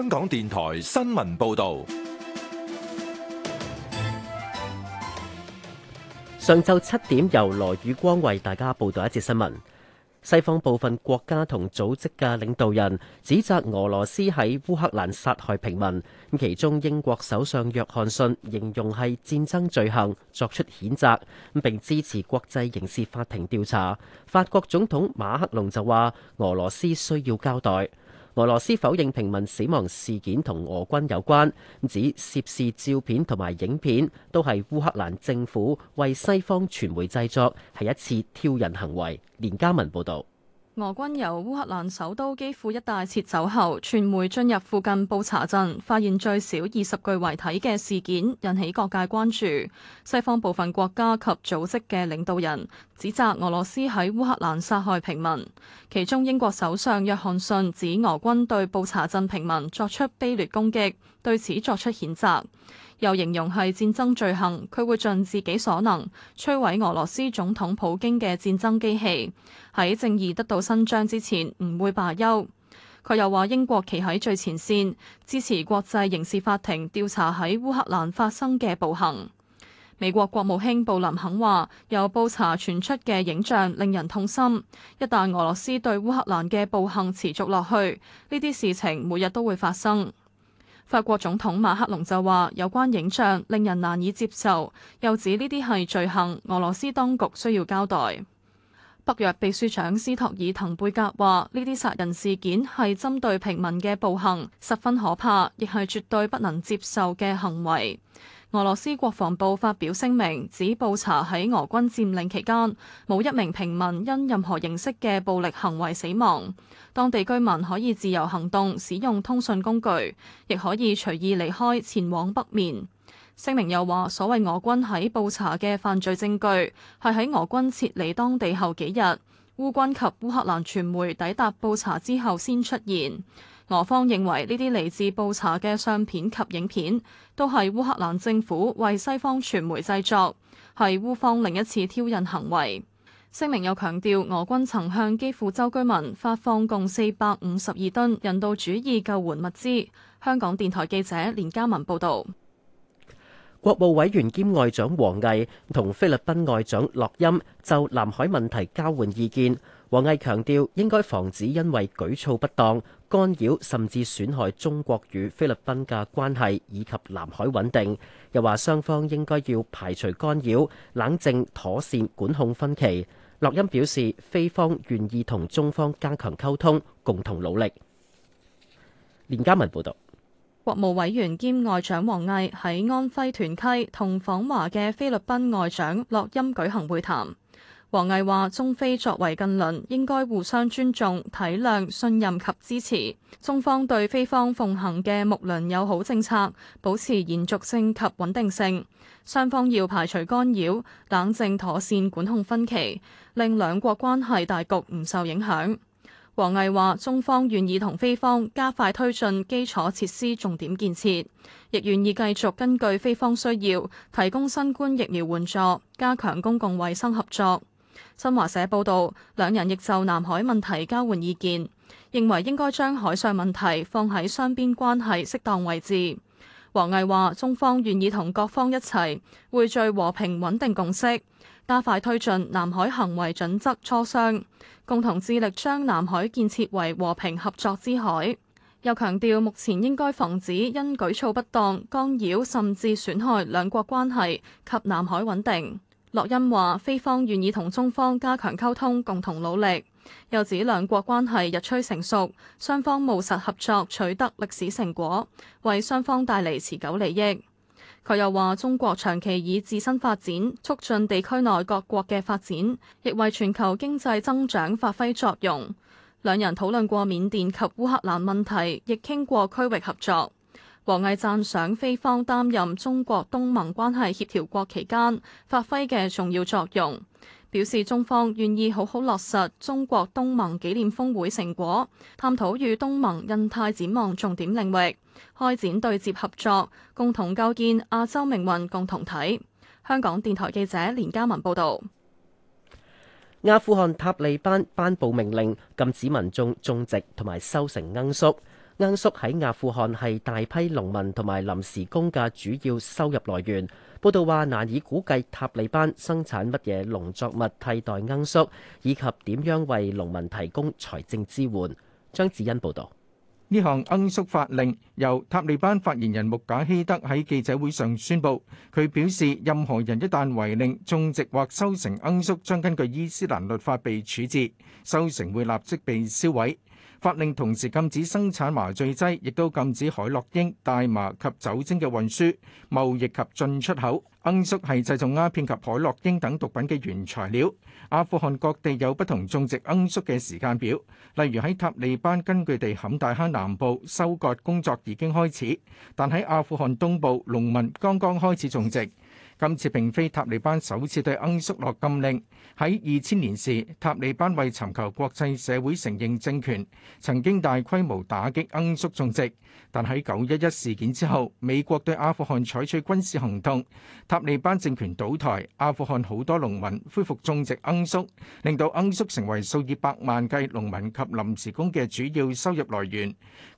香港電台新聞報道：上晝七點，由羅宇光為大家報道一節新聞。西方部分國家同組織嘅領導人指責俄羅斯喺烏克蘭殺害平民。咁其中，英國首相約翰遜形容係戰爭罪行，作出譴責，並支持國際刑事法庭調查。法國總統馬克龍就話俄羅斯需要交代。俄羅斯否認平民死亡事件同俄軍有關，指涉事照片同埋影片都係烏克蘭政府為西方傳媒製作，係一次挑釁行為。連嘉文報導。俄軍由烏克蘭首都基輔一帶撤走後，傳媒進入附近布查鎮，發現最少二十具遺體嘅事件，引起各界關注。西方部分國家及組織嘅領導人指責俄羅斯喺烏克蘭殺害平民，其中英國首相約翰遜指俄軍對布查鎮平民作出卑劣攻擊，對此作出譴責。又形容係戰爭罪行，佢會盡自己所能摧毀俄羅斯總統普京嘅戰爭機器。喺正義得到伸張之前，唔會罷休。佢又話英國企喺最前線，支持國際刑事法庭調查喺烏克蘭發生嘅暴行。美國國務卿布林肯話，由布查傳出嘅影像令人痛心。一旦俄羅斯對烏克蘭嘅暴行持續落去，呢啲事情，每日都會發生。法國總統馬克龍就話：有關影像令人難以接受，又指呢啲係罪行，俄羅斯當局需要交代。北約秘書長斯托爾滕貝格話：呢啲殺人事件係針對平民嘅暴行，十分可怕，亦係絕對不能接受嘅行為。俄羅斯國防部發表聲明，指布查喺俄軍佔領期間，冇一名平民因任何形式嘅暴力行為死亡。當地居民可以自由行動、使用通訊工具，亦可以隨意離開前往北面。聲明又話，所謂俄軍喺布查嘅犯罪證據，係喺俄軍撤離當地後幾日，烏軍及烏克蘭傳媒抵達布查之後先出現。俄方認為呢啲嚟自布查嘅相片及影片都係烏克蘭政府為西方傳媒製作，係烏方另一次挑釁行為。聲明又強調，俄軍曾向基輔州居民發放共四百五十二噸人道主義救援物資。香港電台記者連嘉文報道。國務委員兼外長王毅同菲律賓外長洛欽就南海問題交換意見。王毅強調應該防止因為舉措不當，干擾甚至損害中國與菲律賓嘅關係以及南海穩定，又話雙方應該要排除干擾，冷靜妥善管控分歧。洛欽表示，菲方願意同中方加強溝通，共同努力。連家文報道，國務委員兼外長王毅喺安徽屯溪同訪華嘅菲律賓外長洛欽舉行會談。王毅話：中菲作為近鄰，應該互相尊重、體諒、信任及支持。中方對菲方奉行嘅睦鄰友好政策保持延續性及穩定性。雙方要排除干擾，冷靜妥善管控分歧，令兩國關係大局唔受影響。王毅話：中方願意同菲方加快推進基礎設施重點建設，亦願意繼續根據菲方需要提供新冠疫苗援助，加強公共衛生合作。新華社報道，兩人亦就南海問題交換意見，認為應該將海上問題放喺雙邊關係適當位置。王毅話，中方願意同各方一齊匯聚和平穩定共識，加快推進南海行為準則磋商，共同致力將南海建設為和平合作之海。又強調目前應該防止因舉措不當干擾甚至損害兩國關係及南海穩定。洛欽話：菲方願意同中方加強溝通，共同努力。又指兩國關係日趨成熟，雙方務實合作取得歷史成果，為雙方帶嚟持久利益。佢又話：中國長期以自身發展促進地區內各國嘅發展，亦為全球經濟增長發揮作用。兩人討論過緬甸及烏克蘭問題，亦傾過區域合作。王毅讚賞菲方擔任中國東盟關係協調國期間發揮嘅重要作用，表示中方願意好好落實中國東盟紀念峰會成果，探討與東盟、印太展望重點領域開展對接合作，共同構建亞洲命運共同體。香港電台記者連嘉文報道。阿富汗塔利班頒布命令，禁止民眾種植同埋收成罌粟。罌粟喺阿富汗係大批農民同埋臨時工嘅主要收入來源。報道話難以估計塔利班生產乜嘢農作物替代罌粟，以及點樣為農民提供財政支援。張子欣報導。呢項罌粟法令由塔利班發言人穆賈希德喺記者會上宣佈。佢表示，任何人一旦違令種植或收成罌粟，將根據伊斯蘭律法被處置，收成會立即被銷毀。法令同時禁止生產麻醉劑，亦都禁止海洛因、大麻及酒精嘅運輸、貿易及進出口。罌粟係製造鴉片及海洛因等毒品嘅原材料。阿富汗各地有不同種植罌粟嘅時間表，例如喺塔利班根據地坎大哈南部收割工作已經開始，但喺阿富汗東部農民剛剛開始種植。今次並非塔利班首次對罌粟落禁令。喺二千年時，塔利班為尋求國際社會承認政權，曾經大規模打擊罌粟種植。但喺九一一事件之後，美國對阿富汗採取軍事行動，塔利班政權倒台，阿富汗好多農民恢復種植罌粟，令到罌粟成為數以百萬計農民及臨時工嘅主要收入來源。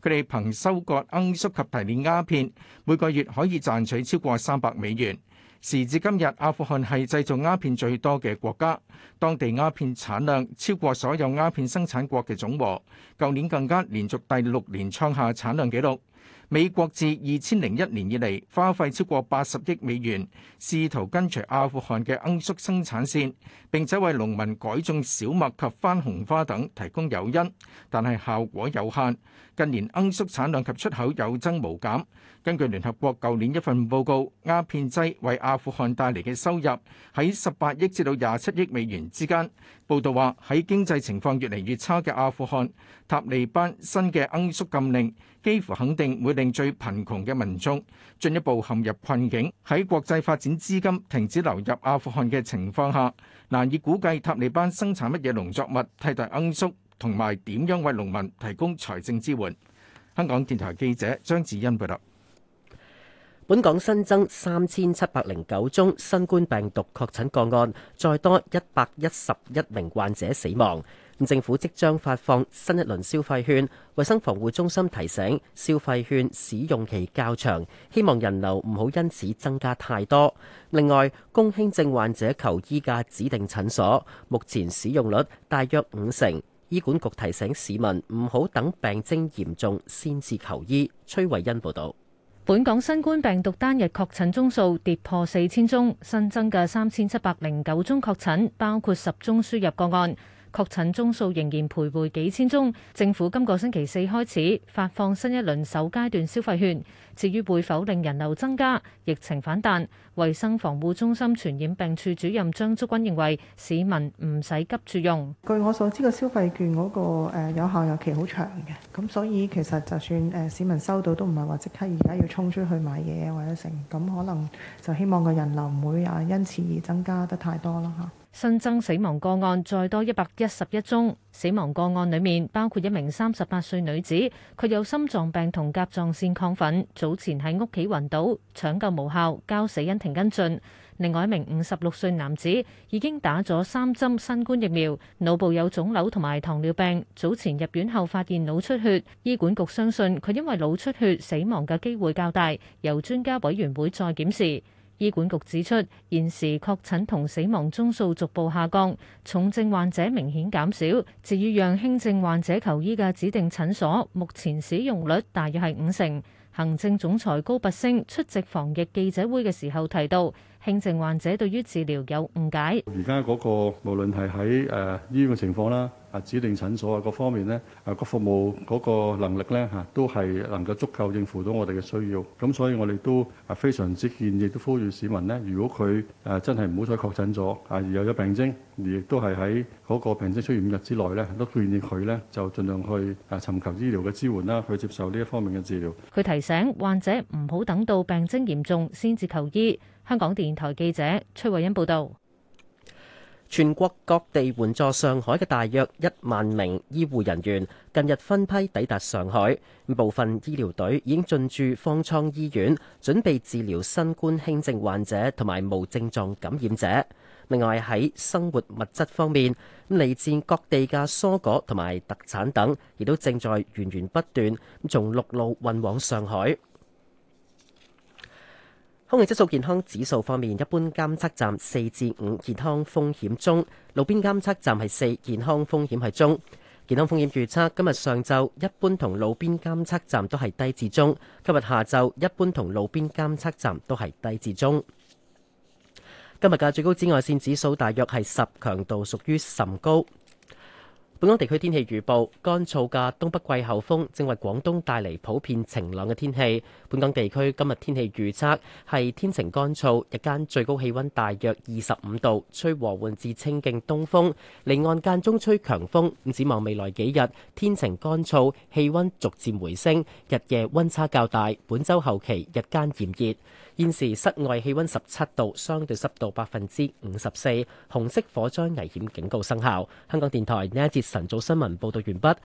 佢哋憑收割罌粟及提煉鴉片，每個月可以賺取超過三百美元。時至今日，阿富汗係製造鴉片最多嘅國家，當地鴉片產量超過所有鴉片生產國嘅總和，舊年更加連續第六年創下產量紀錄。美國自二千零一年以嚟，花費超過八十億美元試圖跟隨阿富汗嘅罌粟生產線，並且為農民改種小麥及番紅花等提供誘因，但係效果有限。近年罌粟產量及出口有增無減。根據聯合國舊年一份報告，鴉片劑為阿富汗帶嚟嘅收入喺十八億至到廿七億美元之間。報道話，喺經濟情況越嚟越差嘅阿富汗，塔利班新嘅罌粟禁令幾乎肯定會令最貧窮嘅民眾進一步陷入困境。喺國際發展資金停止流入阿富汗嘅情況下，難以估計塔利班生產乜嘢農作物替代罌粟，同埋點樣為農民提供財政支援。香港電台記者張子欣報道。本港新增三千七百零九宗新冠病毒確診個案，再多一百一十一名患者死亡。政府即將發放新一輪消費券，衛生防護中心提醒消費券使用期較長，希望人流唔好因此增加太多。另外，供輕症患者求醫嘅指定診所，目前使用率大約五成。醫管局提醒市民唔好等病徵嚴重先至求醫。崔慧欣報道。本港新冠病毒單日確診宗數跌破四千宗，新增嘅三千七百零九宗確診，包括十宗輸入個案。確診宗數仍然徘徊幾千宗，政府今個星期四開始發放新一輪首階段消費券。至於會否令人流增加、疫情反彈，衞生防護中心傳染病處主任張竹君認為，市民唔使急住用。據我所知嘅消費券嗰個誒有效有期好長嘅，咁所以其實就算誒市民收到都唔係話即刻而家要衝出去買嘢或者成，咁可能就希望個人流唔會啊因此而增加得太多啦嚇。新增死亡個案再多一百一十一宗，死亡個案裡面包括一名三十八歲女子，佢有心臟病同甲狀腺亢奮，早前喺屋企暈倒，搶救無效，交死因庭跟進。另外一名五十六歲男子已經打咗三針新冠疫苗，腦部有腫瘤同埋糖尿病，早前入院後發現腦出血，醫管局相信佢因為腦出血死亡嘅機會較大，由專家委員會再檢視。醫管局指出，現時確診同死亡宗數逐步下降，重症患者明顯減少。至於讓輕症患者求醫嘅指定診所，目前使用率大約係五成。行政總裁高拔昇出席防疫記者會嘅時候提到，輕症患者對於治療有誤解。而家嗰個無論係喺誒醫院嘅情況啦。啊，指定診所啊，各方面呢啊個服務嗰個能力呢，嚇，都係能夠足夠應付到我哋嘅需要。咁所以我哋都啊非常之建議，都呼籲市民呢，如果佢啊真係唔好彩確診咗，啊有咗病徵，而亦都係喺嗰個病徵出現五日之內呢，都建議佢呢，就盡量去啊尋求醫療嘅支援啦，去接受呢一方面嘅治療。佢提醒患者唔好等到病徵嚴重先至求醫。香港電台記者崔慧欣報道。全國各地援助上海嘅大約一萬名醫護人員，近日分批抵達上海，部分醫療隊已經進駐方艙醫院，準備治療新冠輕症患者同埋無症狀感染者。另外喺生活物質方面，嚟自各地嘅蔬果同埋特產等，亦都正在源源不斷咁從陸路運往上海。空氣質素健康指數方面，一般監測站四至五，健康風險中；路邊監測站係四，健康風險係中。健康風險預測今日上晝一般同路邊監測站都係低至中，今日下晝一般同路邊監測站都係低至中。今日嘅最高紫外線指數大約係十，強度屬於甚高。本港地區天氣預報：乾燥嘅東北季候風正為廣東帶嚟普遍晴朗嘅天氣。本港地區今日天氣預測係天晴乾燥，日間最高氣溫大約二十五度，吹和緩至清勁東風，離岸間中吹強風。展望未來幾日，天晴乾燥，氣溫逐漸回升，日夜溫差較大。本周後期日間炎熱。現時室外氣溫十七度，相對濕度百分之五十四，紅色火災危險警告生效。香港電台呢一節晨早新聞報道完畢。